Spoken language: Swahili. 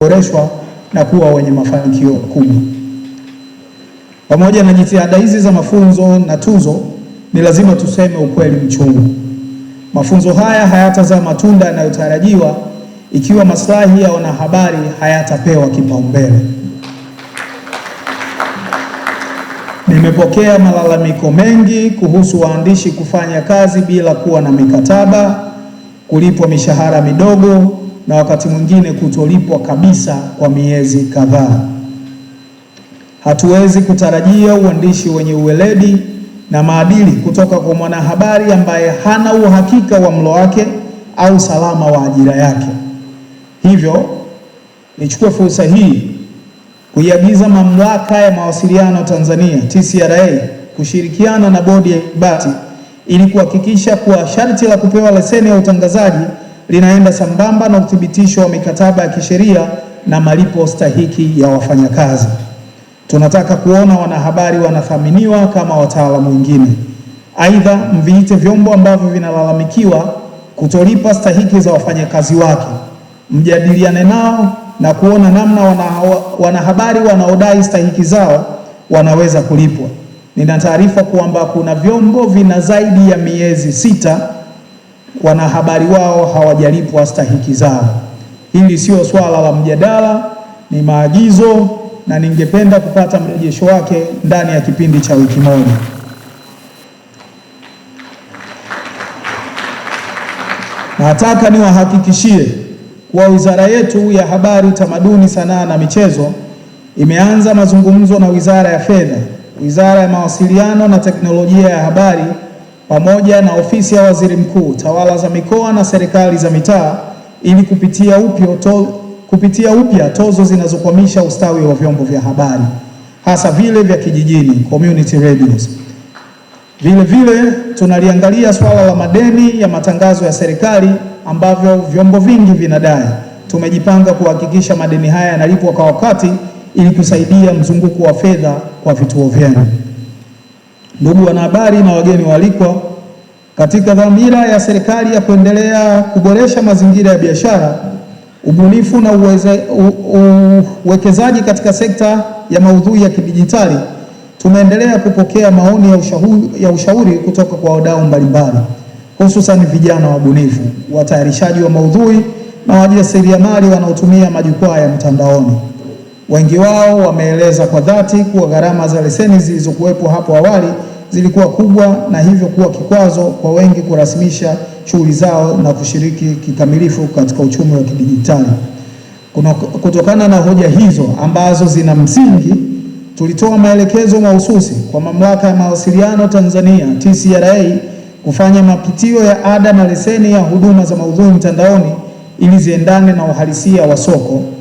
boreshwa na kuwa wenye mafanikio makubwa. Pamoja na jitihada hizi za mafunzo na tuzo, ni lazima tuseme ukweli mchungu. Mafunzo haya hayatazaa matunda yanayotarajiwa ikiwa maslahi ya wanahabari hayatapewa kipaumbele. Nimepokea malalamiko mengi kuhusu waandishi kufanya kazi bila kuwa na mikataba, kulipwa mishahara midogo na wakati mwingine kutolipwa kabisa kwa miezi kadhaa. Hatuwezi kutarajia uandishi wenye uweledi na maadili kutoka kwa mwanahabari ambaye hana uhakika wa mlo wake au usalama wa ajira yake. Hivyo nichukue fursa hii kuiagiza Mamlaka ya Mawasiliano Tanzania TCRA kushirikiana na Bodi ya bati ili kuhakikisha kuwa sharti la kupewa leseni ya utangazaji linaenda sambamba na uthibitisho wa mikataba ya kisheria na malipo stahiki ya wafanyakazi. Tunataka kuona wanahabari wanathaminiwa kama wataalamu wengine. Aidha, mviite vyombo ambavyo vinalalamikiwa kutolipa stahiki za wafanyakazi wake, mjadiliane nao na kuona namna wanahabari wana wanaodai stahiki zao wanaweza kulipwa. Nina taarifa kwamba kuna vyombo vina zaidi ya miezi sita wanahabari wao hawajalipwa stahiki zao. Hili sio swala la mjadala, ni maagizo na ningependa kupata mrejesho wake ndani ya kipindi cha wiki moja. Nataka niwahakikishie kuwa wizara yetu ya Habari, Tamaduni, Sanaa na Michezo imeanza mazungumzo na Wizara ya Fedha, Wizara ya Mawasiliano na Teknolojia ya Habari pamoja na ofisi ya waziri mkuu, tawala za mikoa na serikali za mitaa ili kupitia upya to, kupitia upya tozo zinazokwamisha ustawi wa vyombo vya habari hasa vile vya kijijini community radios. Vile vile tunaliangalia swala la madeni ya matangazo ya serikali ambavyo vyombo vingi vinadai. Tumejipanga kuhakikisha madeni haya yanalipwa kwa wakati ili kusaidia mzunguko wa fedha kwa vituo vyenu. Ndugu wanahabari na wageni waalikwa, katika dhamira ya serikali ya kuendelea kuboresha mazingira ya biashara, ubunifu na uweze, u, u, uwekezaji katika sekta ya maudhui ya kidijitali, tumeendelea kupokea maoni ya ushauri, ya ushauri kutoka kwa wadau mbalimbali hususan vijana wabunifu, watayarishaji wa maudhui na wajasiriamali wanaotumia majukwaa ya mtandaoni. Wengi wao wameeleza kwa dhati kuwa gharama za leseni zilizokuwepo hapo awali zilikuwa kubwa na hivyo kuwa kikwazo kwa wengi kurasimisha shughuli zao na kushiriki kikamilifu katika uchumi wa kidijitali. Kutokana na hoja hizo ambazo zina msingi, tulitoa maelekezo mahususi kwa Mamlaka ya Mawasiliano Tanzania TCRA kufanya mapitio ya ada na leseni ya huduma za maudhui mtandaoni ili ziendane na uhalisia wa soko.